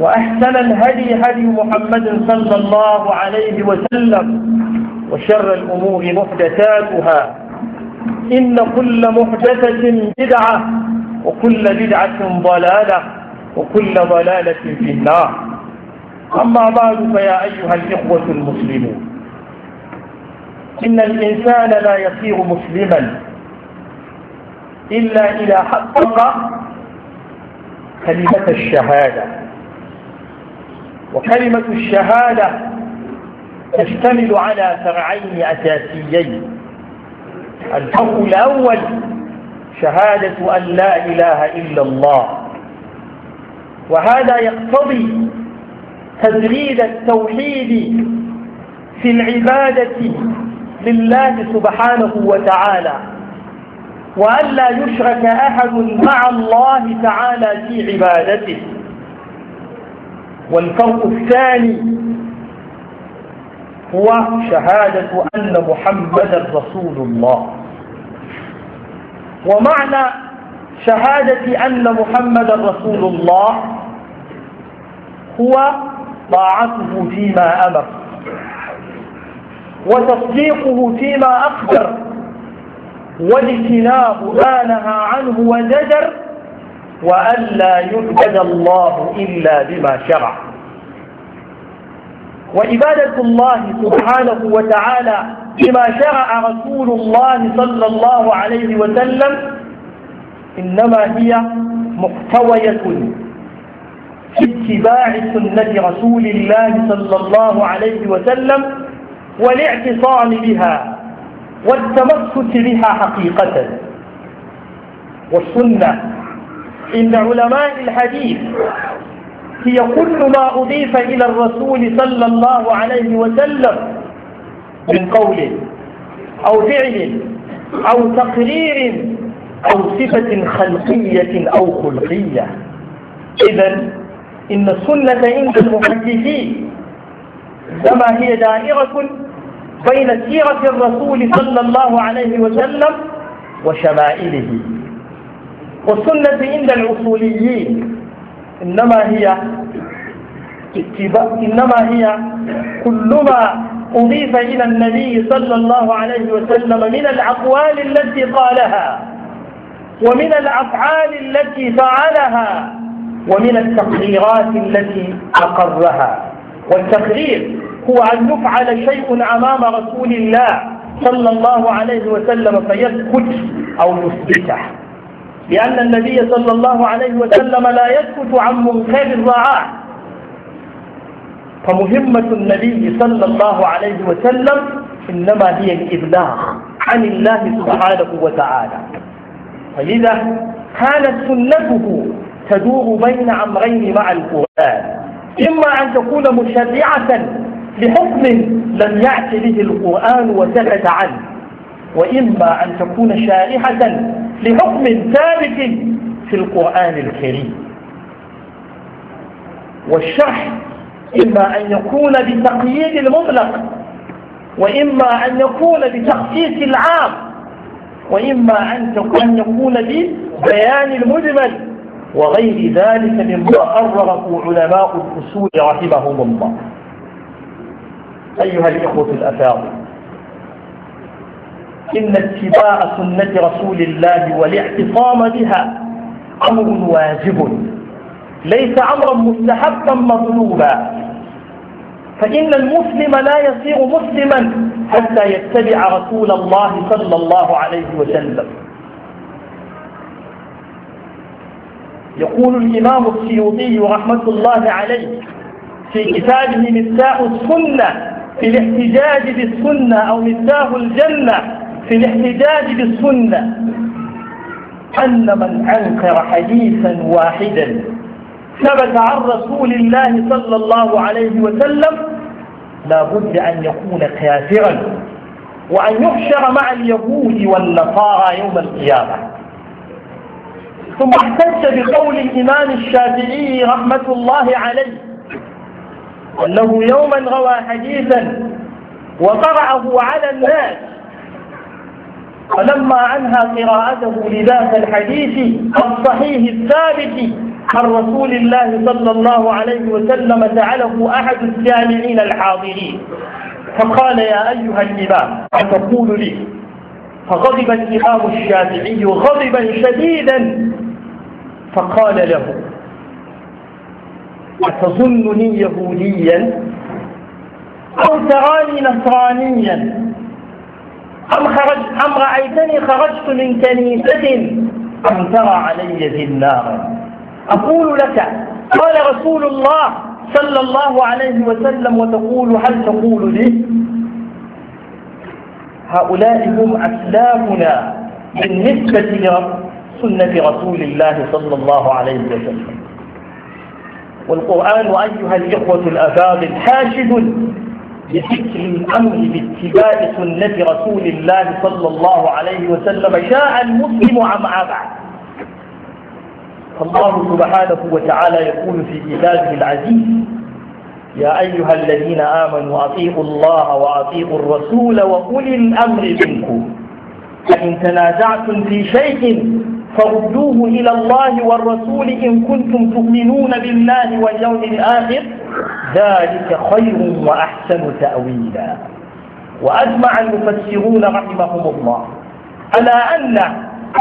وأحسن الهدي هدي محمد صلى الله عليه وسلم وشر الأمور محدثاتها إن كل محدثة بدعة وكل بدعة ضلالة وكل ضلالة في النار أما بعد فيا أيها الإخوة المسلمون إن الإنسان لا يصير مسلما إلا إذا حقق كلمة الشهادة وكلمة الشهادة تشتمل على فرعين أساسيين الفرع الأول شهادة أن لا إله إلا الله وهذا يقتضي تدريد التوحيد في العبادة لله سبحانه وتعالى وأن لا يشرك أحد مع الله تعالى في عبادته والفرق الثاني هو شهادة أن محمدا رسول الله ومعنى شهادة أن محمدا رسول الله هو طاعته فيما أمر وتصديقه فيما أقدر واجتناب ما نهى عنه وزجر وأن لا يعبد الله إلا بما شرع وعبادة الله سبحانه وتعالى بما شرع رسول الله صلى الله عليه وسلم إنما هي محتوية في اتباع سنة رسول الله صلى الله عليه وسلم والاعتصام بها والتمسك بها حقيقة والسنة عند علماء الحديث هي كل ما أضيف إلى الرسول صلى الله عليه وسلم من قول أو فعل أو تقرير أو صفة خلقية أو خلقية إذا إن السنة عند المحدثين كما هي دائرة بين سيرة الرسول صلى الله عليه وسلم وشمائله والسنة عند الأصوليين إنما هي اتباع إنما هي كل ما أضيف إلى النبي صلى الله عليه وسلم من الأقوال التي قالها ومن الأفعال التي فعلها ومن التقريرات التي أقرها والتقرير هو أن يفعل شيء أمام رسول الله صلى الله عليه وسلم فيسكت أو يثبته لأن النبي صلى الله عليه وسلم لا يسكت عن منكر الرعاع فمهمة النبي صلى الله عليه وسلم إنما هي الإبلاغ عن الله سبحانه وتعالى فلذا كانت سنته تدور بين أمرين مع القرآن إما أن تكون مشرعة لحكم لم يأت به القرآن وسكت عنه وإما أن تكون شارحة لحكم ثابت في القرآن الكريم والشرح إما أن يكون بتقييد المطلق وإما أن يكون بتخصيص العام وإما أن يكون ببيان المجمل وغير ذلك مما قرره علماء الأصول رحمهم الله أيها الإخوة الأفاضل إن اتباع سنة رسول الله والاعتصام بها أمر واجب ليس أمرا مستحبا مطلوبا فإن المسلم لا يصير مسلما حتى يتبع رسول الله صلى الله عليه وسلم يقول الإمام السيوطي رحمة الله عليه في كتابه مفتاح السنة في الاحتجاج بالسنة أو مفتاح الجنة في الاحتجاج بالسنة أن من أنكر حديثا واحدا ثبت عن رسول الله صلى الله عليه وسلم لا بد أن يكون كافرا وأن يحشر مع اليهود والنصارى يوم القيامة ثم احتج بقول الإمام الشافعي رحمة الله عليه أنه يوما روى حديثا وقرأه على الناس فلما عنها قراءته لذات الحديث الصحيح الثابت عن رسول الله صلى الله عليه وسلم جعله أحد السامعين الحاضرين فقال يا أيها الإمام أتقول لي فغضب الإمام الشافعي غضبا شديدا فقال له أتظنني يهوديا أو تراني نصرانيا أم, خرج أم رأيتني خرجت من كنيسة أم ترى علي في النار أقول لك قال رسول الله صلى الله عليه وسلم وتقول هل تقول لي هؤلاء هم أسلافنا بالنسبة لسنة رسول الله صلى الله عليه وسلم والقرآن أيها الإخوة الأفاضل حاشد بفكر الأمر باتباع سنة رسول الله صلى الله عليه وسلم شاء المسلم عم عبد فالله سبحانه وتعالى يقول في كتابه العزيز يا أيها الذين آمنوا أطيعوا الله وأطيعوا الرسول وأولي الأمر منكم فإن تنازعتم في شيء فردوه إلى الله والرسول إن كنتم تؤمنون بالله واليوم الآخر ذلك خير وأحسن تأويلا وأجمع المفسرون رحمهم الله على أن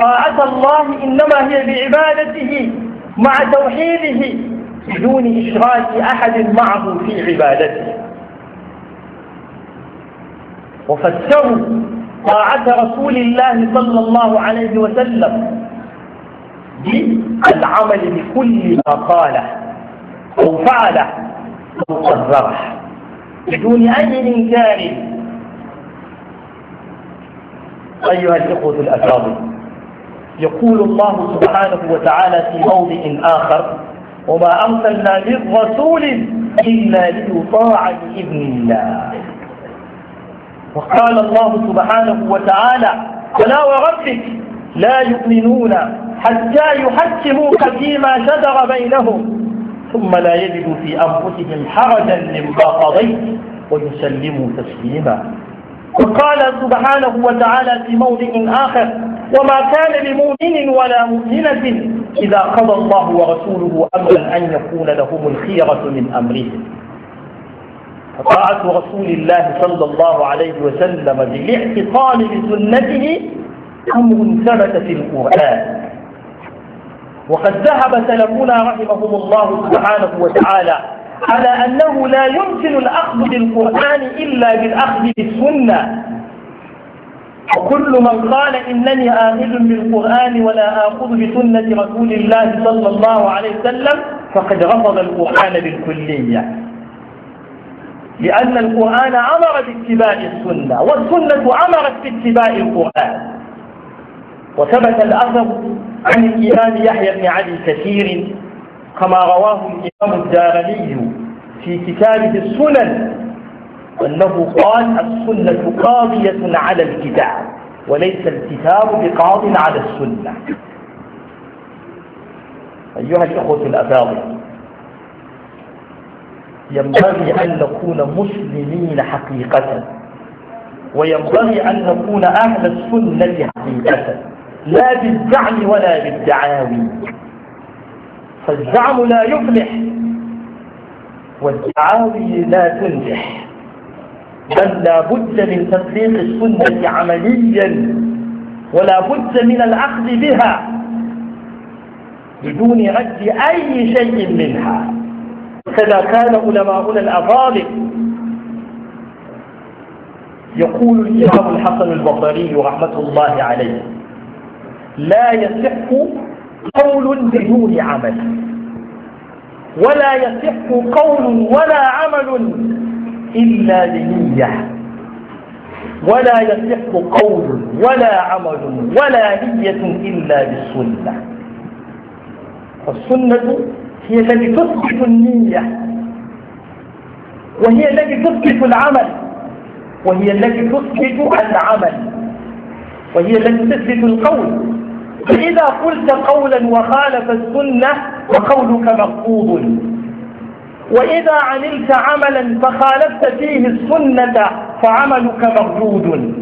طاعة الله إنما هي بعبادته مع توحيده بدون إشراك أحد معه في عبادته وفسروا طاعة رسول الله صلى الله عليه وسلم بالعمل بكل ما قاله أو فعله أو قدره بدون أي إنكار أيها الإخوة الأفاضل يقول الله سبحانه وتعالى في موضع آخر وما أرسلنا من رسول إلا ليطاع بإذن الله وقال الله سبحانه وتعالى فلا وربك لا يؤمنون حتى يحكموا قديم شجر بينهم ثم لا يجدوا في أنفسهم حرجا مما قضيت ويسلموا تسليما وقال سبحانه وتعالى في موضع آخر وما كان لمؤمن ولا مؤمنة إذا قضى الله ورسوله أمرا أن يكون لهم الخيرة من أمرهم فطاعة رسول الله صلى الله عليه وسلم بالاعتصام بسنته أمر ثبت في القرآن وقد ذهب سلفنا رحمهم الله سبحانه وتعالى على أنه لا يمكن الأخذ بالقرآن إلا بالأخذ بالسنة وكل من قال إنني آخذ بالقرآن ولا آخذ بسنة رسول الله صلى الله عليه وسلم فقد رفض القرآن بالكلية لأن القرآن أمر باتباع السنة والسنة أمرت باتباع القرآن وثبت الأثر عن الإمام يحيى بن علي كثير كما رواه الإمام الدارمي في كتابه السنن أنه قال السنة قاضية على الكتاب وليس الكتاب بقاض على السنة أيها الإخوة الأفاضل ينبغي أن نكون مسلمين حقيقة وينبغي أن نكون أهل السنة حقيقة لا بالزعم ولا بالدعاوي فالزعم لا يفلح والدعاوي لا تنجح بل لا بد من تطبيق السنة عمليا ولا بد من الأخذ بها بدون رد أي شيء منها كذا كان علماؤنا الأفاضل يقول الإمام الحسن البصري رحمة الله عليه لا يصح قول بدون عمل ولا يصح قول ولا عمل إلا بنية ولا يصح قول ولا عمل ولا نية إلا بالسنة السنة هي التي تثبت النية وهي التي تثبت العمل وهي التي تثبت العمل وهي التي تثبت القول فإذا قلت قولا وخالف السنة فقولك مقبوض وإذا عملت عملا فخالفت فيه السنة فعملك مردود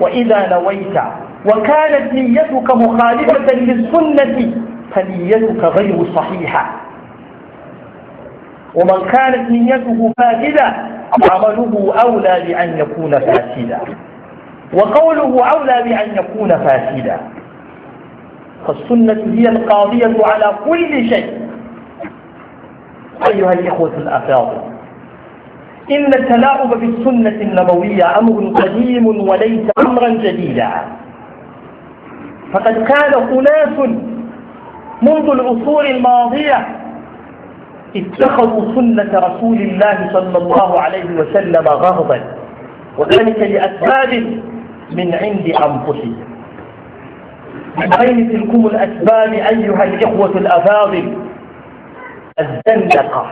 وإذا نويت وكانت نيتك مخالفة للسنة فنيتك غير صحيحة ومن كانت نيته فاسدة عمله أولى بأن يكون فاسدا وقوله أولى بأن يكون فاسدا فالسنة هي القاضية على كل شيء أيها الإخوة الأفاضل إن التلاعب بالسنة النبوية أمر قديم وليس أمرا جديدا فقد كان أناس منذ العصور الماضية اتخذوا سنة رسول الله صلى الله عليه وسلم غرضا وذلك لأسباب من عند أنفسهم بين تلكم الأسباب أيها الإخوة الأفاضل الزندقة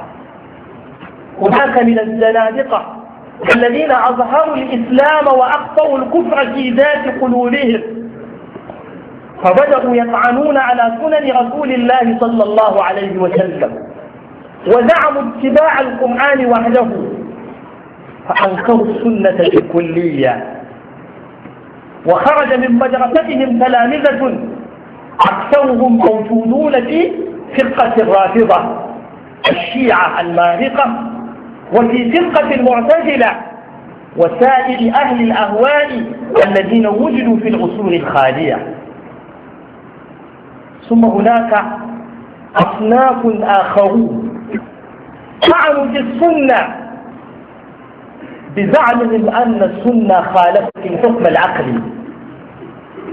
هناك من الزنادقة الذين أظهروا الإسلام وأخطأوا الكفر في ذات قلوبهم فبدأوا يطعنون على سنن رسول الله صلى الله عليه وسلم وزعموا اتباع القرآن وحده فأنكروا السنة الكلية وخرج من مدرستهم تلامذة أكثرهم موجودون في فرقة الرافضة الشيعة المارقة وفي فرقة المعتزلة وسائر أهل الأهواء الذين وجدوا في العصور الخالية ثم هناك أصناف آخرون طعنوا في السنة بزعمهم أن السنة خالفت الحكم العقلي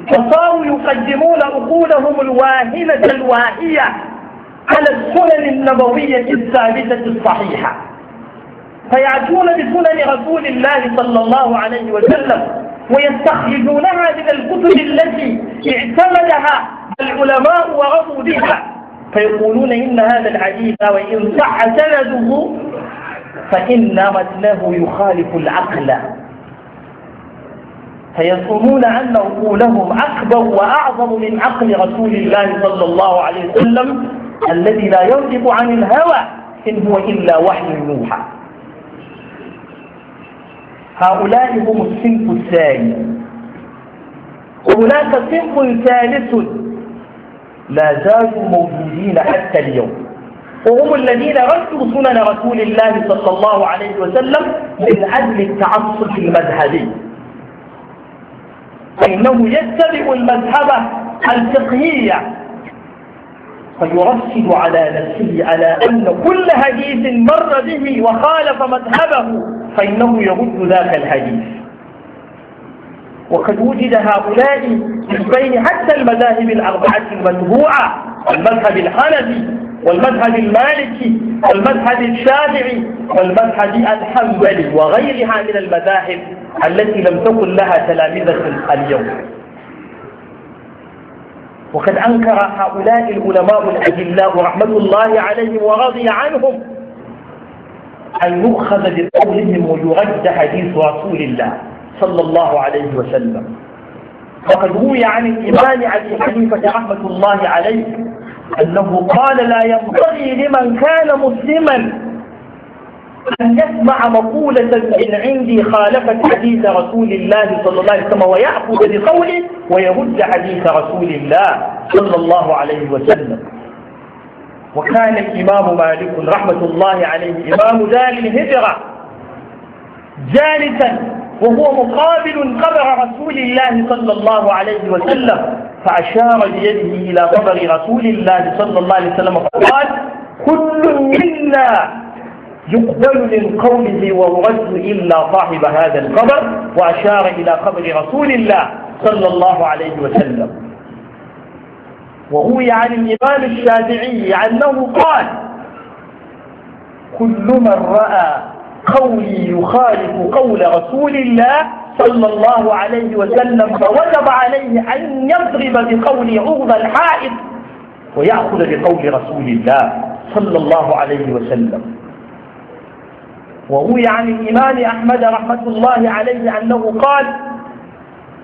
فصاروا يقدمون عقولهم الواهنة الواهية على السنن النبوية الثابتة الصحيحة فيعجون بسنن رسول الله صلى الله عليه وسلم ويستخرجونها من الكتب التي اعتمدها العلماء ورضوا بها فيقولون إن هذا العجيب وإن صح سنده فإن متنه يخالف العقل فيزعمون أن عقولهم أكبر وأعظم من عقل رسول الله صلى الله عليه وسلم الذي لا ينطق عن الهوى إن هو إلا وحي يوحى هؤلاء هم الصنف الثاني وهناك صنف ثالث لا زالوا موجودين حتى اليوم وهم الذين ردوا سنن رسول الله صلى الله عليه وسلم من أجل التعصب المذهبي فإنه يتبع المذهبة الفقهية فيرشد على نفسه على أن كل حديث مر به وخالف مذهبه فإنه يرد ذاك الحديث وقد وجد هؤلاء من بين حتى المذاهب الأربعة المتبوعة المذهب الحنفي والمذهب المالكي والمذهب الشافعي والمذهب الحنبلي وغيرها من المذاهب التي لم تكن لها تلامذة اليوم وقد أنكر هؤلاء العلماء الأجلاء رحمة الله عليهم ورضي عنهم أن يؤخذ بقولهم ويرد حديث رسول الله صلى الله عليه وسلم وقد روي عن الإمام أبي حنيفة رحمة الله عليه أنه قال لا ينبغي لمن كان مسلما أن يسمع مقولة من عندي خالفت حديث رسول الله صلى الله عليه وسلم ويأخذ بقوله ويرد حديث رسول الله صلى الله عليه وسلم وكان الإمام مالك رحمة الله عليه إمام دار الهجرة جالسا وهو مقابل قبر رسول الله صلى الله عليه وسلم فأشار بيده إلى قبر رسول الله صلى الله عليه وسلم فقال كل منا يقبل من قوله والرد إلا صاحب هذا القبر وأشار إلى قبر رسول الله صلى الله عليه وسلم وروي عن الإمام الشافعي أنه قال كل من رأى قولي يخالف قول رسول الله صلى الله عليه وسلم فوجب عليه أن يضرب بقول عوض الحائط ويأخذ بقول رسول الله صلى الله عليه وسلم وروي عن الإمام أحمد رحمة الله عليه أنه قال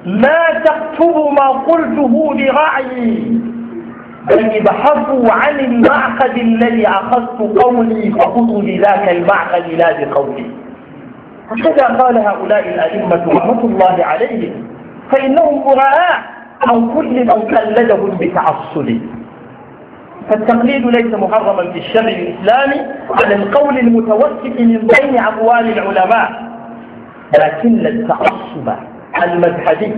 لا تكتبوا ما قلته برأيي بل ابحثوا عن المعقد الذي أخذت قولي فخذوا بذاك المعقد لا بقولي هكذا قال هؤلاء الأئمة رحمة الله عليهم فإنهم براء عن كل من قلدهم بتعصب فالتقليد ليس محرما في الشرع الإسلامي على القول المتوسط من بين أقوال العلماء لكن التعصب المذهبي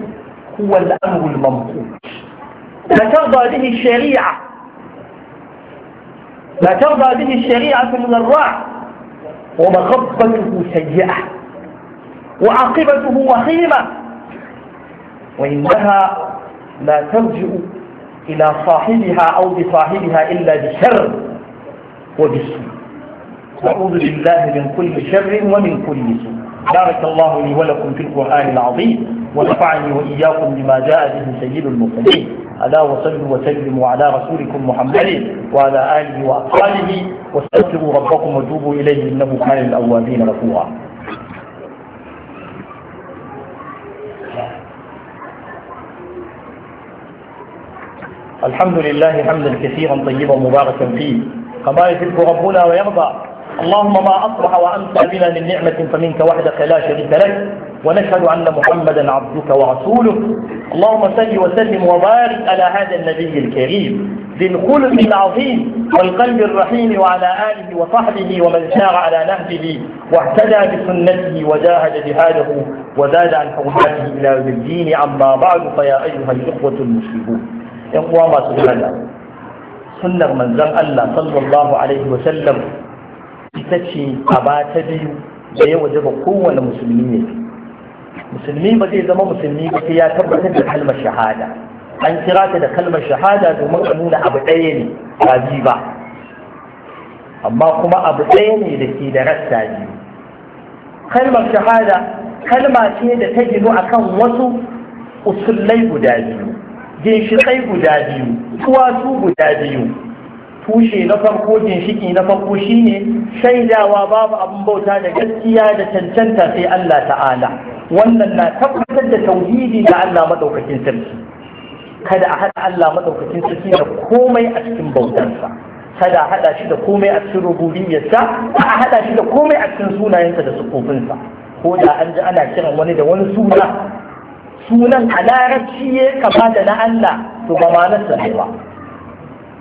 هو الأمر المنقوص لا ترضى به الشريعة لا ترضى به الشريعة من الرعب ومخبته سيئة وعاقبته وخيمة وإنها لا ترجع إلى صاحبها أو بصاحبها إلا بشر وبسوء أعوذ بالله من كل شر ومن كل سوء بارك الله لي ولكم في القرآن العظيم ونفعني وإياكم بما جاء به سيد المرسلين ألا وصلوا وسلموا على رسولكم محمد وعلى آله وأصحابه واستغفروا ربكم وتوبوا إليه إنه كان الأوابين غفورا الحمد لله حمدا كثيرا طيبا مباركا فيه كما يحب ربنا ويرضى اللهم ما أصبح وأمسى بنا من نعمة فمنك وحدك لا شريك لك ونشهد أن محمدا عبدك ورسوله اللهم صل وسلم وبارك على هذا النبي الكريم ذي الخلق العظيم والقلب الرحيم وعلى آله وصحبه ومن سار على نهجه واهتدى بسنته وجاهد جهاده وزاد عن حرماته إلى يوم الدين عما بعد فيا أيها الإخوة المسلمون إقوام ما سبحانه سنة من زم الله صلى الله عليه وسلم تتشي أبا تبيو ويوجد قوة المسلمين da musulmi ba zai zama musulmi ba sai ya tabbatar da kalmar shahada an kira ta da kalmar shahada domin a nuna abu ɗaya ne ba biyu ba amma kuma abu ɗaya ne da ke da rasta biyu kalmar shahada kalma ce da ta ginu akan wasu usullai guda biyu ginshiƙai guda biyu tuwatu guda biyu tushe na farko ginshiki na farko shine shaidawa babu abin bauta da gaskiya da cancanta sai Allah ta'ala wannan na tabbatar da tauhidi da Allah madaukakin sarki kada a haɗa Allah madaukakin sarki da komai a cikin bautarsa kada a haɗa shi da komai a cikin rububiyarsa a haɗa shi da komai a cikin sunayensa da sukufinsa ko da an ji ana kiran wani da wani suna sunan a larabci ya kama da na Allah to ba ma na ba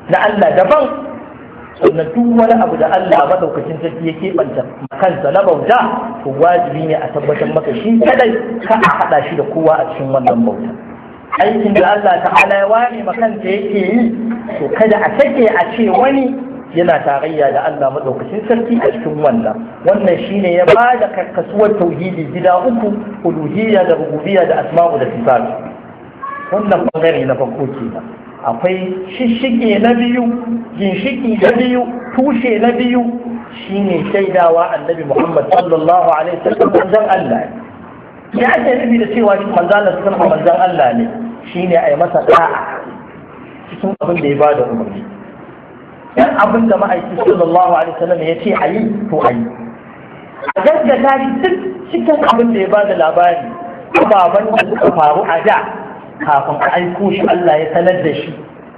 na Allah daban sannan duk wani abu da Allah madaukakin sarki ya keɓanta kansa na bauta to wajibi ne a tabbatar maka shi kadai ka a haɗa shi da kowa a cikin wannan bauta aikin da Allah ta'ala ya ware makanta yake yi to kada a take a ce wani yana tarayya da Allah madaukakin sarki a cikin wannan wannan shine ya ba da kasuwar tauhidi gida uku uluhiyya da rububiyya da asma'u da sifatu wannan bangare na farko kenan akwai shishige na biyu ginshiki na biyu tushe na biyu shine shaidawa annabi muhammad sallallahu alaihi wasallam manzon Allah ne ya ake nufi da cewa manzon Allah sallallahu manzon Allah ne shine a yi masa da'a cikin abin da ya bada umarni dan abin da ma'aiki sallallahu alaihi wasallam ya ce ayi to ayi a gaggata shi duk cikin abin da ya ba da labari ababen da suka faru a da kafin a aiko shi Allah ya sanar da shi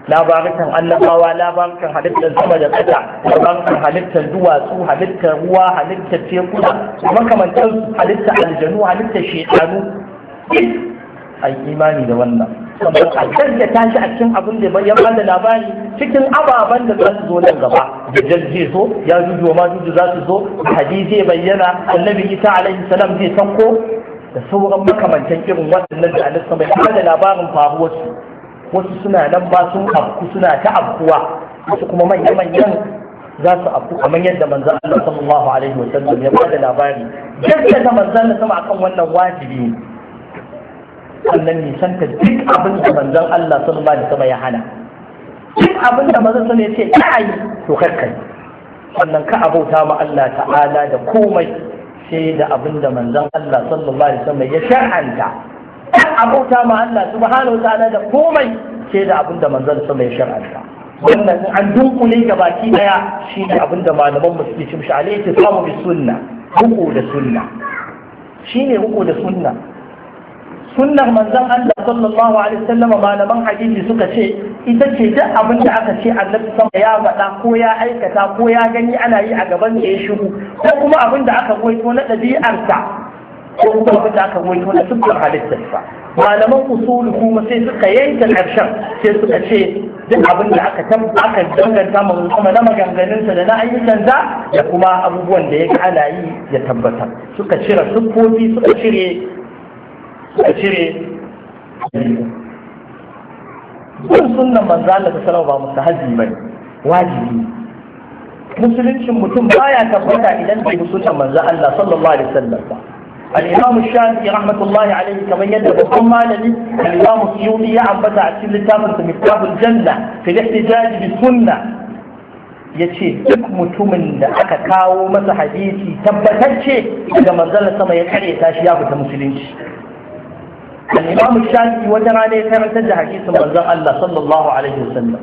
labarukan annabawa labarukan halittar sama da ƙasa labarukan halittar duwatsu halittar ruwa halittar tekuna makamantar halittar aljanu halittar shekaru a imani da wannan sannan a gaskata abinda a cikin abin da ya bada labari cikin ababen da za su zo nan gaba dajjal zai zo ya juju ma juju za su zo hadisi zai bayyana annabi isa alaihi salam zai sanko da sauran makamantan irin waɗannan da annabi mai kuma da labarin faruwarsu wasu suna nan ba sun afku suna ta afkuwa wasu kuma manya-manyan za su afku kamar yadda manzan Allah sallallahu alaihi wa sallam ya bada labari jirgin na manzan Allah sama akan wannan wajibi sannan nisan ta duk abin da manzan Allah sallallahu alaihi wa sallam ya hana duk abin da manzan sallallahu alaihi wa sallam ya ce ta ayi to kai sannan ka abauta ma Allah ta'ala da komai sai da abin da manzon Allah sallallahu alaihi wasallam ya shar'anta dan abota ma Allah subhanahu wa ta'ala da komai sai da abin da manzon sallallahu alaihi wasallam ya shar'anta wannan an dunkule ga baki daya shi ne abin da malaman musulmi suke cimshi alaihi tasamu bi sunna huku da sunna shine huku da sunna sunnar manzon Allah sallallahu alaihi wasallam malaman hadisi suka ce ita ce duk abin da aka ce annabi sama ya faɗa ko ya aikata ko ya gani ana yi a gaban da ya shiru ko kuma abin da aka goyito na ɗabi'arsa ko kuma abin da aka goyito na sukar halittarsa malaman usulu kuma sai suka yanke ƙarshen sai suka ce duk abin da aka aka danganta mu kuma na maganganunsa da na ayyukan da kuma abubuwan da yake ana yi ya tabbatar suka cire siffofi suka cire suka cire bin sunan manzo Allah ta salawa ba mustahabi bane wajibi musuluncin mutum baya tabbata idan bai sunan manzo الإمام الشافعي رحمة الله عليه كما يدعو ثم الإمام السيوطي يعم بس على كتاب الجنة في الاحتجاج بالسنة يتشي تكم تومن أكا كاو مسا حديثي تبتتشي إذا ما زال السماء يتحري يتاشي يابت المسلمين الإمام الشافعي وترى لي كان حديث da الله صلى الله عليه وسلم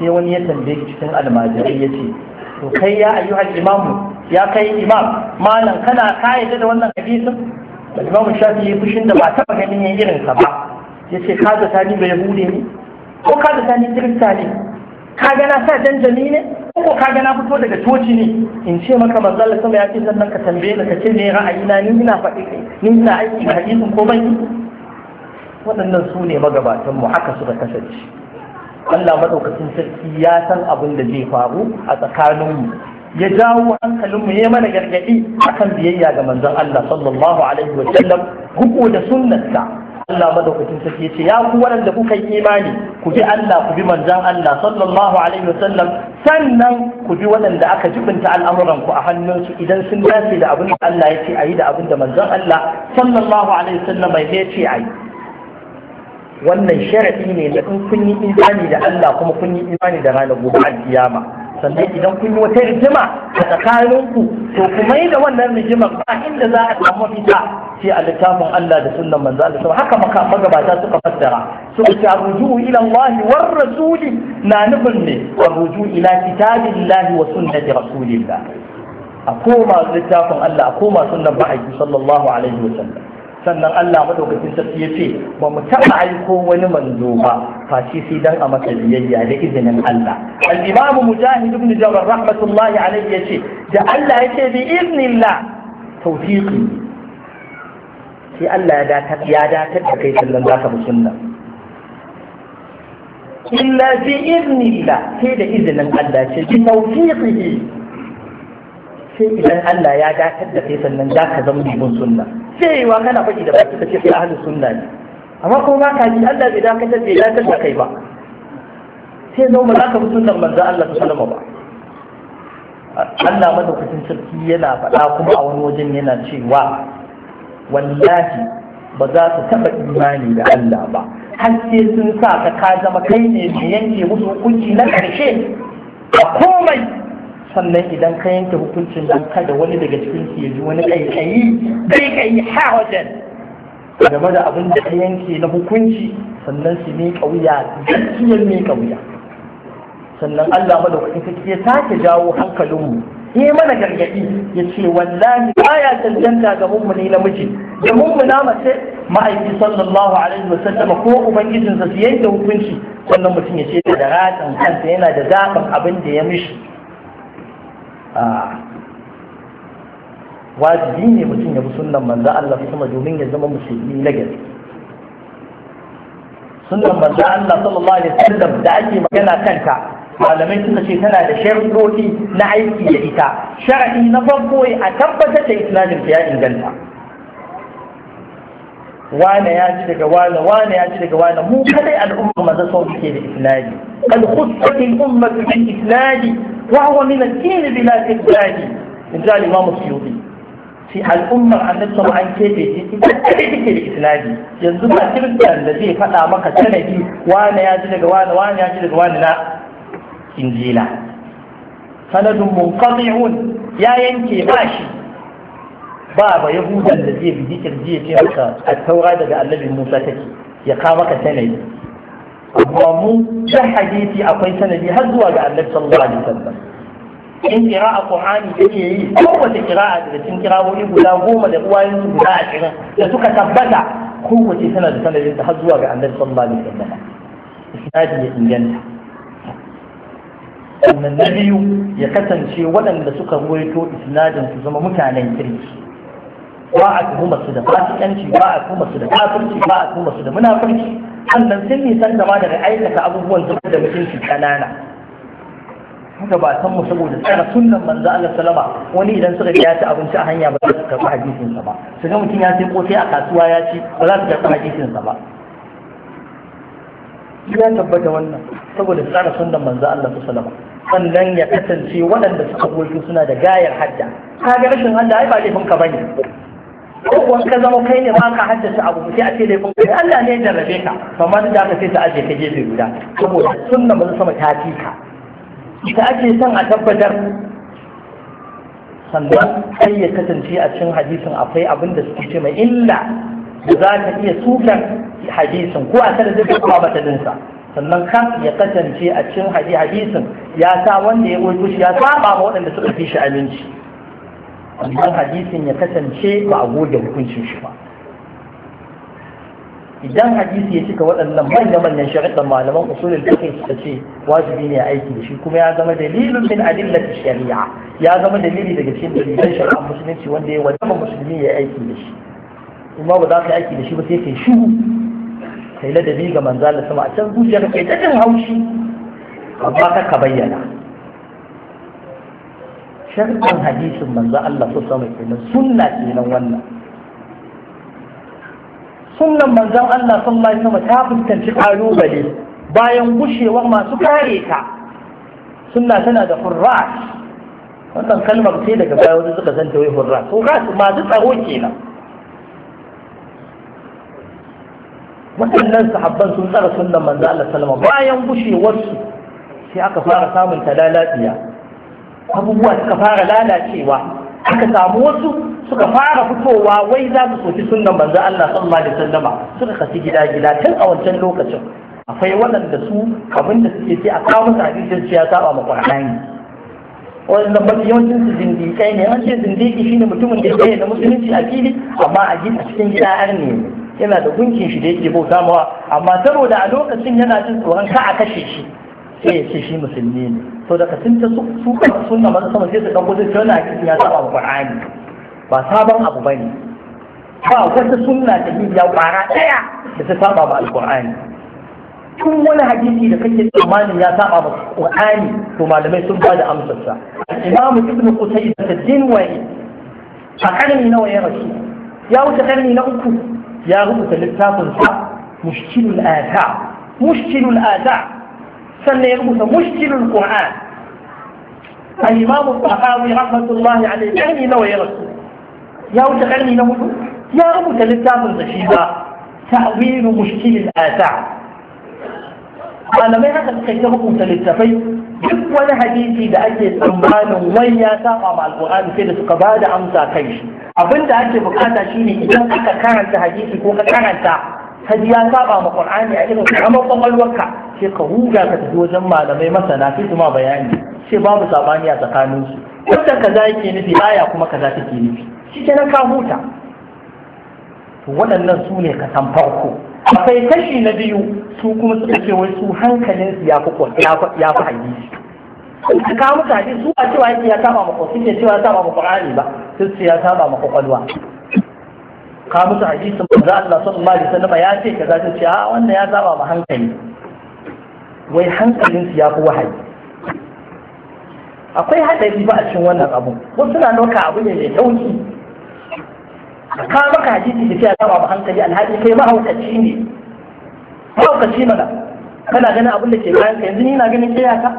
sai wani ya tambaye cikin almajirai ya ce to kai ya ayyuhal imamu ya kai imam malam kana ka yadda da wannan hadisin imam shafi ya fushin da ba taba ganin yayin irin ka ba ya ce ka da tani bai hude ne ko ka da tani kirista ne ka gana sa danjani ne ko ka ga na fito daga coci ne in ce maka manzo sama ya ce sannan ka tambaye ka ce me ra'ayi na ni ina faɗi ni ina aiki da hadisin ko ban waɗannan su ne magabatan mu haka suka kasance Allah madaukakin sarki ya san abin da zai faru a tsakanin mu ya jawo hankalin mu ya mana gargadi. akan biyayya ga manzon Allah sallallahu alaihi wa sallam da sunnarsa Allah madaukakin sarki ce, ya ku waɗanda kuka yi imani ku bi Allah ku bi manzon Allah sallallahu alaihi wasallam sannan ku bi waɗanda aka jibinta al'amuran ku a hannunsu idan sun dace da abin da Allah yace ayi da abin da manzan Allah sallallahu alaihi wasallam yace ayi wannan sharadi ne da in kun yi imani da Allah kuma kun yi imani da ranar gobe al-kiyama sannan idan kun yi wata rigima a tsakaninku to kuma yi da wannan rigimar ba inda za a samu fita sai a littafin Allah da sunnan manzo Allah sama haka maka magabata suka fassara suka ce arruju ila Allah war rasuli na nufin ne arruju ila kitabillahi wa sunnati rasulillah a koma littafin Allah a koma sunnan ma'aiki sallallahu alaihi wa sallam sannan Allah madaukakin sarki ya ce ba mu taɓa aiko wani manzo ba face sai dan a masa biyayya da izinin Allah al-imam mujahid ibn jabr rahmatullahi alayhi yace da Allah yace bi iznillah tawfiqi sai Allah ya datar ya datar da kai sannan zaka bi sunna illa bi iznillah sai da izinin Allah ce bi sai idan Allah ya datar da kai sannan zaka zama bin sunna cewa kana faɗi da baki kace kai ahlus sunna ne amma ko ba ka ji Allah bai dakatar bai dakatar da kai ba sai zo ba za ka manzo Allah sallallahu alaihi ba Allah madaukakin sarki yana faɗa kuma a wani wajen yana cewa wallahi ba za su taɓa imani da Allah ba har sai sun sa ka zama kai ne su yanke musu hukunci na ƙarshe a komai sannan idan ka yanke hukuncin nan kada wani daga cikin su ya ji wani kaikayi kaikayi hawajen game da abin da ka yanke na hukunci sannan su ne kauya gaskiyar ne kauya sannan Allah madaukakin sarki ya sake jawo hankalinmu yi mana gargaɗi ya ce wallahi baya cancanta ga mummuni namiji da mummuna mace ma'aiki sallallahu alaihi wasallam ko ubangijinsa su yanke hukunci wannan mutum ya ce da ratin kansa yana da zaɓin abin da ya mishi wajibi ne mutum ya bi sunan manzan Allah kuma domin ya zama musulmi na gari sunan manzan Allah sallallahu alaihi wasallam da ake magana kanta malamai suka ce tana da sharuɗoɗi na aiki da ita sharadi na farko a tabbatar da islamin ya inganta wane ya ci daga wane wane ya ci daga wane mu kadai al'umma maza sun ke da islami Kan khussatil ummatu bil islami وهو من الدين بلا تبداني من ذا الإمام السيوطي في الأمة أن نسمع عن كيفية تكتبك الإسلامي ينزل تبدا الذي فتح مكة سنة وانا يجلق وانا وانا يجلق وانا لا إنجيلا سند منقطع يا ينكي ماشي بابا يهودا الذي بديك الجيه في مكة التوراة بأن النبي موسى تكي يقامك سنة amma mu ta hadisi akwai sanadi har zuwa ga annabi sallallahu alaihi wasallam in qira'a qur'ani da yayi kowace qira'a da cikin qira'o'i guda goma da uwayen su guda ashirin da suka tabbata kowace tana da sanadin ta har zuwa ga annabi sallallahu alaihi wasallam isnadi ya inganta sannan na biyu ya kasance waɗanda suka ruwaito isnadin su zama mutanen kirki ba a kuma su da fasikanci ba a kuma su da kafirci ba a kuma su da munafurci sannan sun yi nisan gama daga aikata abubuwan zubar da mutunci kanana haka ba san mu saboda tsara sunan manzo Allah salama, wani idan suka ya ci abinci a hanya ba za su karɓi hadisin ba su ga mutum ya sai kotai a kasuwa ya ci ba za su karɓi hadisin ba ya tabbata wannan saboda tsara sunan manzo Allah salama, sannan ya kasance waɗanda suka goyi suna da gayar hajja ga rashin Allah ai ba laifin ka bane ko ka zama kai ne baka haddace abu sai a ce laifin Allah ne ya jarrabe ka amma da ka sai ta aje ka gefe guda saboda sunna mun sama ta fi ka ita ake son a tabbatar sannan kai ya kasance a cikin hadisin akwai abin da suke ce mai illa da za ka iya sukar hadisin ko a kada zai kuma batadinsa sannan kan ya kasance a cikin hadisin ya sa wanda ya goyi shi ya saba ma waɗanda suka fi shi aminci amma hadisin ya kasance ba a goge hukuncin shi ba idan hadisi ya cika waɗannan manya-manyan shari'ar malaman usulul fiqh suka ce wajibi ne aiki da shi kuma ya zama dalilin min adillati shari'a ya zama dalili daga cikin dalilan shari'a musulunci wanda ya wajaba musulmi ya aiki da shi kuma ba za ka aiki da shi ba sai kai shiru kai ladabi ga manzo Allah sama a can zuciyar kai ta haushi amma ka bayyana sharɗin hadisin manzo Allah su sama kenan sunna kenan wannan sunnan manzon Allah sun ma wasallam ta fuskanci kalubale bayan gushewar masu kare ka sunna tana da furrat. wannan kalmar sai daga baya wani suka san ta wai hurras hurras masu tsaro kenan waɗannan sahabban sun tsara sunnan manzo Allah sallallahu alaihi wasallam bayan gushewarsu sai aka fara samun talalabiya abubuwa suka fara lalacewa aka samu wasu suka fara fitowa wai za su soki sunan manzo Allah sallallahu alaihi wasallama suka kasi gida gida tun a wancan lokacin akwai waɗanda su abin da suke sai a kawo musu hadisin su ya saba ma Qur'ani wanda mafi yawancin su zindiƙai ne an ce zindiƙi shine mutumin da yake da musulunci a fili amma a cikin gida ar ne yana da gunkin shi da yake bauta mawa amma saboda a lokacin yana jin tsoron ka a kashe shi sai ya ce shi musulmi ne to daga sun ta su kan suna masu sama sai su ɗauko zai tona hadisi ya saba Qur'ani ba sabon abu bane ba wata sunna ta ya ƙwara ɗaya da ta saba ba alƙur'ani tun wani hadisi da kake tsammanin ya saba ba Qur'ani to malamai sun ba da amsarsa Imam Ibn da Sadiq wai a karni nawa ya rasu ya wuce karni na uku ya rubuta littafin sa mushkilul ata mushkilul ata سنيرمس مشكل القرآن الإمام الطحاوي رحمة الله عليه يعني لو يرمس يا وتغني لو يا رب تلتاب الغشيبة تأويل مشكل الآثار قال ما هذا الخير رب تلتفي ولا حديثي بأجل الأمان وياتا مع القرآن في القبادة أمسا كيش أبنت أجل بقاتا شيني إذا كانت حديثي كانت kaji ya saba ma qur'ani a irin karamar kwakwalwarka sai ka huga ka tafi wajen malamai masana sai kuma bayani sai babu sabani a tsakanin su wannan kaza yake nufi aya kuma kaza take nufi shi kenan ka huta to waɗannan su ne san farko akwai kashi na biyu su kuma suka ce wai su hankalin su ya fi ya fi hadisi ka kawo mutane su a cewa ya ya saba ma qur'ani ba sai ya saba ma kwakwalwa ka musu hadisin manzo Allah sallallahu alaihi wasallam ya ce kaza ta ce a wannan ya zaba ma hankali wai hankalin su ya fi wahayi akwai hadari ba a cikin wannan abu wasu na ɗauka abu ne mai sauki ka maka hadisi da ya zaba ma hankali alhaji kai mahaukaci ne mahaukaci mana kana ganin abin da ke bayan ka yanzu ni na ganin kiyata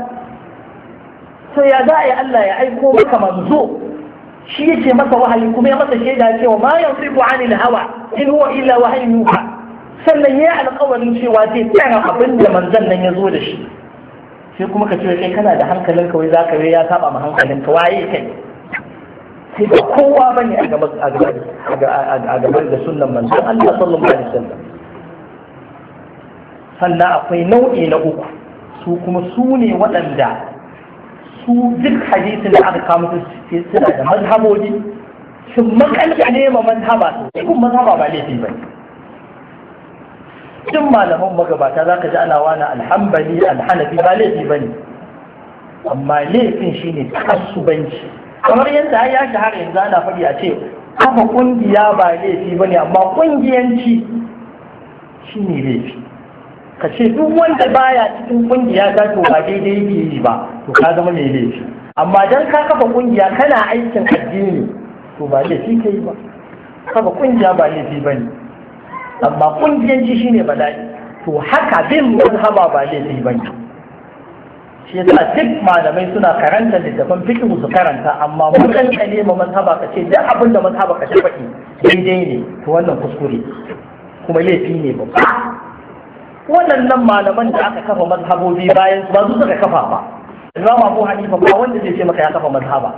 sai ya za a yi Allah ya aiko maka manzo shi yake masa wahayi kuma ya masa shaida cewa ma yantiqu anil hawa in huwa illa wahyin yuha sannan ya alƙawarin cewa zai tsara abin da manzon nan ya zo da shi sai kuma ka ce kai kana da hankalin kawai za ka ya saba ma hankalin ka waye kai sai ba kowa bane a gaban a gaban da sunnan manzon Allah sallallahu alaihi wasallam sannan akwai nau'i na uku su kuma su ne waɗanda su duk hadisin da aka kama su suna da mazhaboji sun makanta ne ma mazhaba sai kun mazhaba ba laifi ba duk malaman magabata za ka ji ana wani alhambali alhanafi ba laifi ba ne amma laifin shi ne kasubanci kamar yadda ya har yanzu ana faɗi a ce kafa ƙungiya ba laifi ba ne amma ƙungiyanci shi ne laifi ka ce duk wanda baya cikin kungiya ta to ba daidai yake yi ba to ka zama mai laifi amma dan ka kafa kungiya kana aikin addini to ba laifi kai ba kafa kungiya ba laifi bane amma kungiyanci shine bala'i to haka bin mazhaba ba laifi bane shi yasa duk malamai suna karanta littafin fiqh su karanta amma mun kane ma mazhaba ka ce duk abin da mazhaba ka faɗi daidai ne to wannan kuskure kuma laifi ne babba waɗannan malaman da aka kafa mazhabobi bayan ba su suka kafa ba Imam Abu Hanifa ba wanda zai ce maka ya kafa mazhaba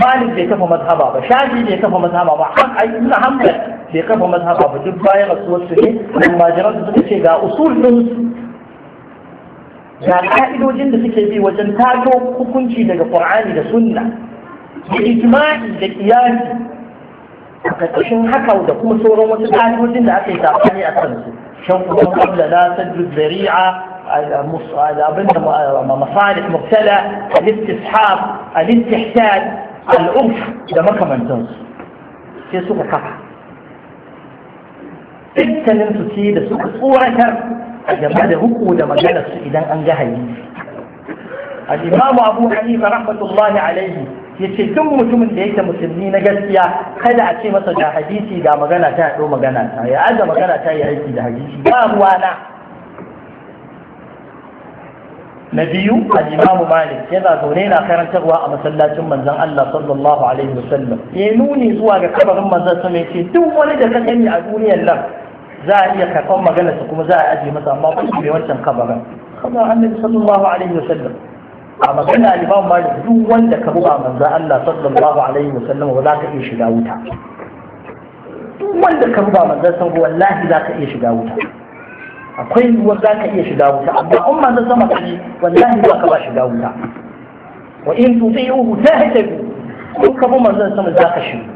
Malik bai kafa mazhaba ba Shafi bai kafa mazhaba ba har Ibn Hanbal bai kafa mazhaba ba duk bayan rasuwar su ne almajiran su suka ce ga usul din ga ka'idojin da suke bi wajen tato hukunci daga Qur'ani da Sunna da ijma'i da qiyasi a ƙarƙashin haka da kuma sauran wasu ƙa'idojin da aka yi saɓani a kansu shan kuma qabla la tajud zari'a abinda مصالح مبتلى الاستصحاب الاستحسان الأرف da makamantansu sai suka kafa dukkanin su ce da suka tsoratar game da huku da maganar su idan an ga hadisi al-imamu abu hanifa rahmatullahi alaihi yace duk mutumin da yake musulmi na gaskiya kada a ce masa ga hadisi ga magana ta yaɗo magana ta ya aza magana ta yi aiki da hadisi ba ruwa na biyu al-imamu malik yana zaune yana karantarwa a masallacin manzon Allah sallallahu alaihi wasallam ya nuni zuwa ga kabarin manzon sama yace duk wani da ka gani a duniyar nan za a iya karɓar maganarsa kuma za a ajiye masa amma kuma bai wancan kabarin kabarin annabi sallallahu alaihi wasallam a magana Imam Malik duk wanda ka buga manzo Allah sallallahu alaihi wa ba za ka iya shiga wuta duk wanda ka buga manzo sallallahu wallahi za ka iya shiga wuta akwai yiwuwar za ka iya shiga wuta amma in manzo sama ka ji wallahi za ka ba shiga wuta wa in tuti'uhu tahtabu duk ka bi manzo sama za ka shiga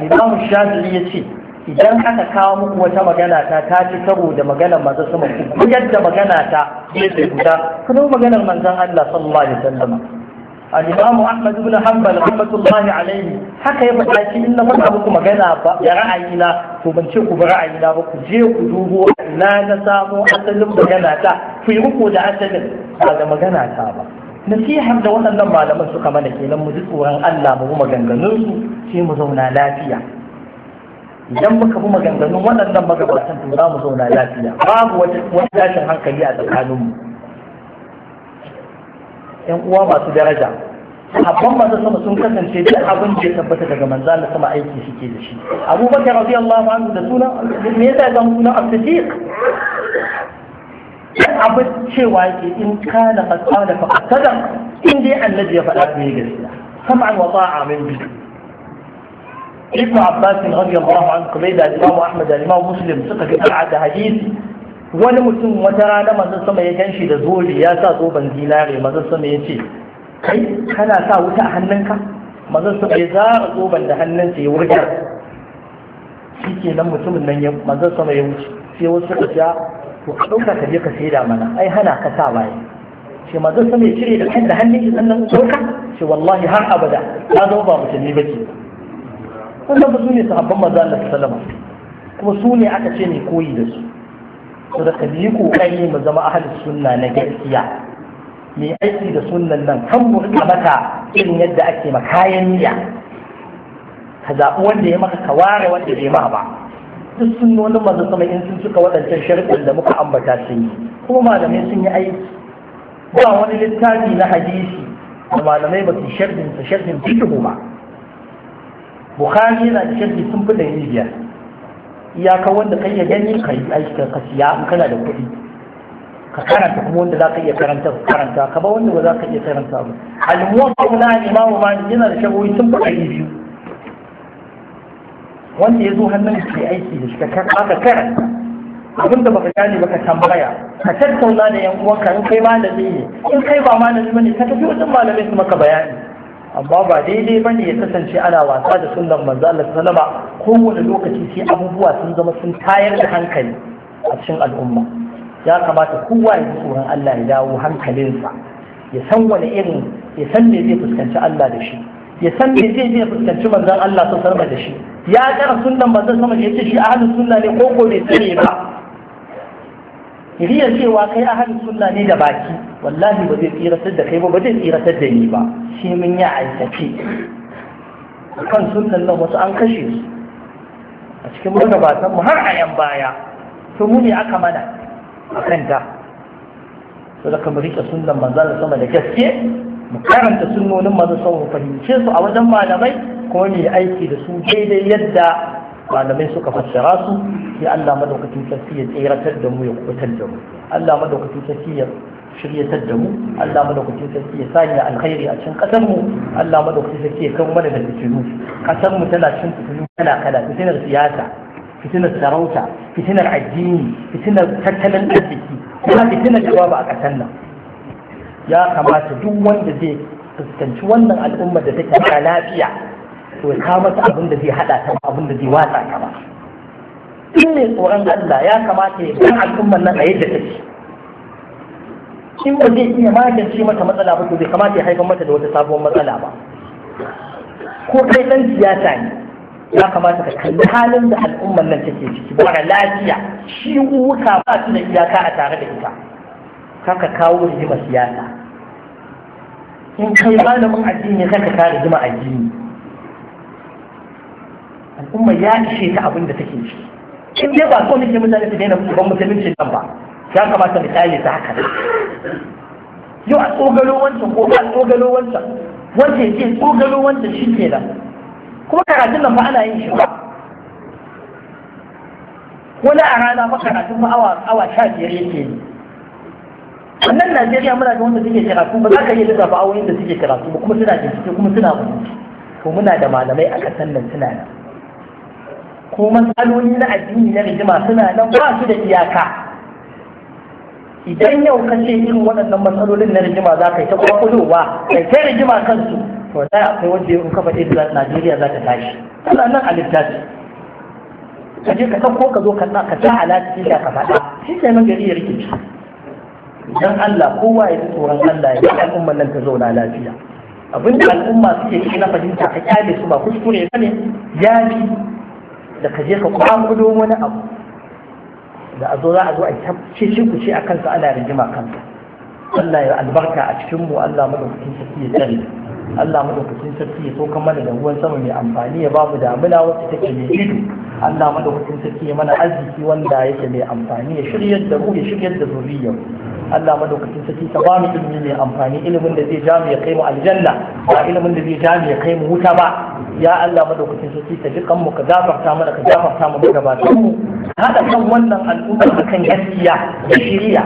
Imam Shafi'i ya ce idan aka kawo muku wata magana ta ta ci karo da maganar manzon sama ku yadda magana ta yadda guda ku maganar manzon Allah sallallahu alaihi wasallam al-Imam Ahmad ibn Hanbal rahmatullahi alaihi haka ya faɗa shi in na faɗa muku magana ba ya ra'ayina to ban ce ku bi ra'ayina ba ku je ku dubo na na samu asalin magana ta ku yi muku da asalin ba da magana ta ba nasihar da waɗannan malaman suka mana kenan mu ji tsoron Allah mu maganganun su sai mu zauna lafiya idan muka bi maganganun waɗannan magabatan to za mu zauna lafiya babu wani tashin hankali a tsakaninmu yan uwa masu daraja sahabban manzo sama sun kasance duk abin da ya tabbata daga manzo Allah sama aiki suke da shi Abubakar radiyallahu anhu da suna me yasa ga suna as-siddiq duk abin cewa ke in kana fasada fa kadan in dai annabi ya faɗa ne gaskiya sama'an wa ta'a min bihi ibnu abbas radiyallahu anhu kamar da imamu ahmad da imamu muslim suka ga da hadisi wani mutum wata rana manzon sama ya ganshi da zoli ya sa zoben zinare manzon sama ya ce kai kana sa wuta a hannunka manzon sama ya zara zoben da hannunsa ya wurga shi ke nan mutumin nan ya manzon sama ya wuce sai wasu suka ja to ka ɗauka ka je ka saida mana ai hana ka sa baya ce manzon sama ya cire da kan da hannun shi sannan ɗauka ce wallahi har abada Na zama ba musulmi ba ke wannan ba su ne sahabban manzo Allah kuma su ne aka ce ne koyi da su to da ka yi kokari mu zama ahli sunna na gaskiya mai aiki da sunnan nan kan mu rika mata irin yadda ake ma kayan miya ka zaɓi wanda ya maka ka ware wanda bai maka ba duk sunnonin manzo sama in sun suka waɗancan sharuɗin da muka ambata sun yi kuma malamai sun yi aiki ba wani littafi na hadisi da malamai ba su sharhin sharhin fikihu ba bukhari yana cikin sharhi sun fi ɗari biyar iyaka wanda kai ya gani ka yi aikin ka siya in kana da kuɗi ka karanta kuma wanda za ka iya karanta ka karanta ka ba wanda ba za ka iya karanta ba al-muwaffaq na imamu ma yana da shagoyi sun fi ɗari biyu wanda ya zo hannun yi aiki da shi ka karanta karanta abin da baka gane baka tambaya ka tattauna da yan uwanka in kai malami ne in kai ba malami ne ka tafi wajen malamai su maka bayani amma ba daidai ba ne ya kasance ana wasa da sunan manzo Allah sallama kowane lokaci sai abubuwa sun zama sun tayar da hankali a cikin al'umma ya kamata kowa ya ji tsoron Allah ya dawo hankalinsa ya san wani irin ya san me zai fuskanci Allah da shi ya san me zai zai fuskanci manzon Allah sallallahu da shi ya kara sunan manzo sama ya ce shi ahlus sunna ne ko ko bai sai ba iriya cewa kai ahalin sunna ne da baki wallahi ba zai tsiratar da kai ba ba zai tsiratar da ni ba sai mun yi aikace kan sunnan nan wasu an kashe su a cikin magabatan mu har a yan baya to mu ne aka mana a ta, to da kamar rike sunnan manzo sama da gaske mu karanta sunnonin manzo sama mu fahimce su a wajen malamai kuma mu aiki da su daidai yadda malamai suka fassara su sai Allah madaukakin sarki ya tseratar da mu ya kubutar da mu Allah madaukakin sarki ya shiryatar da mu Allah madaukakin sarki ya sanya alkhairi a cikin kasar mu Allah madaukakin sarki ya kawo mana da fitinu kasar mu tana cikin fitinu kala kala fitinar siyasa fitinar sarauta fitinar addini fitinar tattalin arziki kuma fitinar jawaba a kasar nan ya kamata duk wanda zai fuskanci wannan al'ummar da take lafiya to ya kawo mata abin da zai haɗa ta abin da zai watsa ka ba in ne tsoron Allah ya kamata ya ɗan al'umman nan a yadda ta take in ba zai iya magance mata matsala ba to bai kamata ya haifar mata da wata sabuwar matsala ba ko kai ɗan siyasa ne ya kamata ka kalli halin da al'umman nan take ciki ba lafiya shi wuka ba su da iyaka a tare da ita kaka kawo rigima siyasa in kai malamin addini kaka ka rigima addini Kuma ya ishe ta abin da take ci in dai ba so nake mutane su daina ban musulunci nan ba ya kamata mu tsaye ta haka yau a tsogalo wancan ko a tsogalo wancan wancan yake tsogalo wancan shi ke nan kuma karatun nan fa ana yin shi ba wani a rana fa karatun ma awa awa sha biyar yake yi wannan Najeriya muna da wanda suke karatu ba za ka iya lissafa awoyin da suke karatu ba kuma suna bincike kuma suna mutunci to muna da malamai a ƙasar nan suna nan ko matsaloli na addini na rigima suna nan ba su da iyaka idan yau ka ce irin waɗannan matsalolin na rigima za ka yi ta kuma kwakwalowa kai ta rigima kansu to da akwai wanda ya kafa ɗaya Najeriya za ta tashi suna nan a littafi ka je ka sauko ka zo ka sa ka ta da ka faɗa shi ke nan gari ya rikici idan Allah kowa ya tsoron Allah ya yi al'ummar nan ta zauna lafiya abin da al'umma suke yi na fahimta a kyale su ba kuskure ba ne ya ji da ka je ka kwamudo wani abu da a zo za a zo a ce shi ku ce a kansa ana rigima kansa Allah ya albarka a cikin mu Allah madaukakin sarki ya tsare Allah madaukakin sarki ya soka mana da ruwan sama mai amfani ya bamu damuna wacce take mai ido Allah madaukakin sarki ya mana arziki wanda yake mai amfani ya shiryar da mu ya shiryar da zuriyar Allah madaukakin sarki ka mu ilimi mai amfani ilimin da zai ja mu ya kai mu aljanna ba ilimin da zai ja mu ya kai mu wuta ba ya Allah madaukakin sarki ka dukan mu ka gafarta mana ka gafarta mu daga bakin mu hada kan wannan al'umma akan gaskiya da shiriya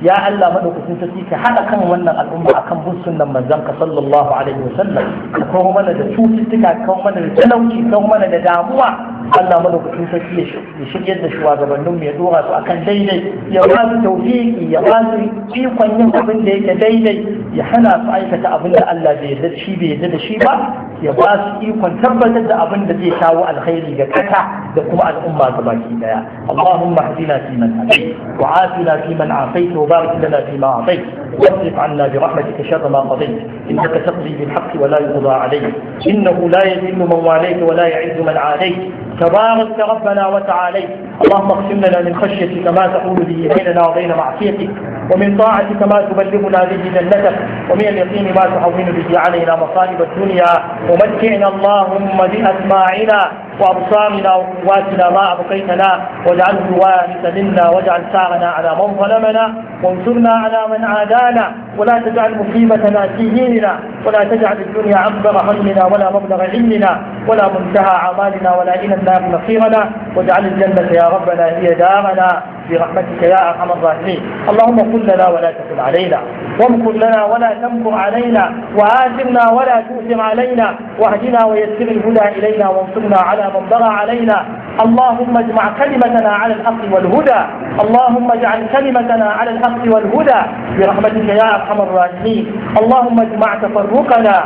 ya Allah madaukakin sarki ka hada kan wannan al'umma akan bin sunnan manzon ka sallallahu alaihi wasallam ka kawo mana da cututtuka ka kawo mana da talauci ka kawo mana da damuwa Allah madaukakin sarki ya shiryar da shugabannin mu ya dora su akan daidai ya ba su tawfiki ya ba su ikon yin abin da yake daidai ya hana su aikata abin da Allah bai yarda shi bai yarda da shi ba ya ba su ikon tabbatar da abin da zai kawo alkhairi ga kasa da kuma al'umma ga baki daya Allahumma hadina fi man hadayt wa afina fi man afayt wa barik lana fi ma atayt واصرف عنا برحمتك شر ما قضيت انك تقضي بالحق ولا يقضى عليك انه لا يذل من واليت ولا يعز من عاديت تبارك ربنا وتعاليت اللهم اقسم لنا من خشيتك ما تحول به بيننا وبين معصيتك ومن طاعتك ما تبلغنا به جنتك ومن اليقين ما تحول به علينا مصائب الدنيا ومتعنا اللهم بأسماعنا وأبصارنا وقواتنا ما أبقيتنا واجعله الوارث منا واجعل ثارنا على من ظلمنا وانصرنا على من عادانا ولا تجعل مصيبتنا في ديننا ولا تجعل الدنيا أكبر همنا ولا مبلغ علمنا ولا منتهى أعمالنا ولا إلى النار مصيرنا واجعل الجنة يا ربنا هي دارنا برحمتك يا أرحم الراحمين اللهم كن لنا ولا تكن علينا وامكر لنا ولا تمكر علينا وآثرنا ولا تؤثر علينا واهدنا ويسر الهدى إلينا وانصرنا على من بغى علينا اللهم اجمع كلمتنا على الحق والهدى اللهم اجعل كلمتنا على الحق والهدى برحمتك يا ارحم الراحمين اللهم اجمع تفرقنا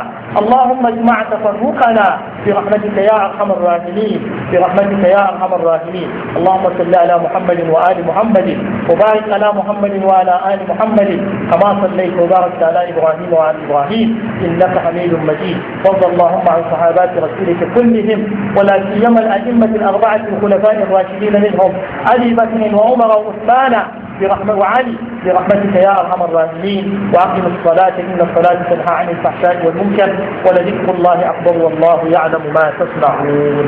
اللهم اجمع تفرقنا برحمتك يا ارحم الراحمين برحمتك يا ارحم الراحمين اللهم صل على محمد وال محمد وبارك على محمد وعلى ال محمد كما صليت وباركت على ابراهيم وعلى ابراهيم انك حميد مجيد وارض اللهم عن صحابات رسولك كلهم ولا سيما الائمه الاربعه الخلفاء الراشدين منهم أبي بكر وعمر وعثمان برحمة وعلي برحمتك يا أرحم الراحمين وأقم الصلاة إن الصلاة تنهى عن الفحشاء والمنكر ولذكر الله أكبر والله يعلم ما تصنعون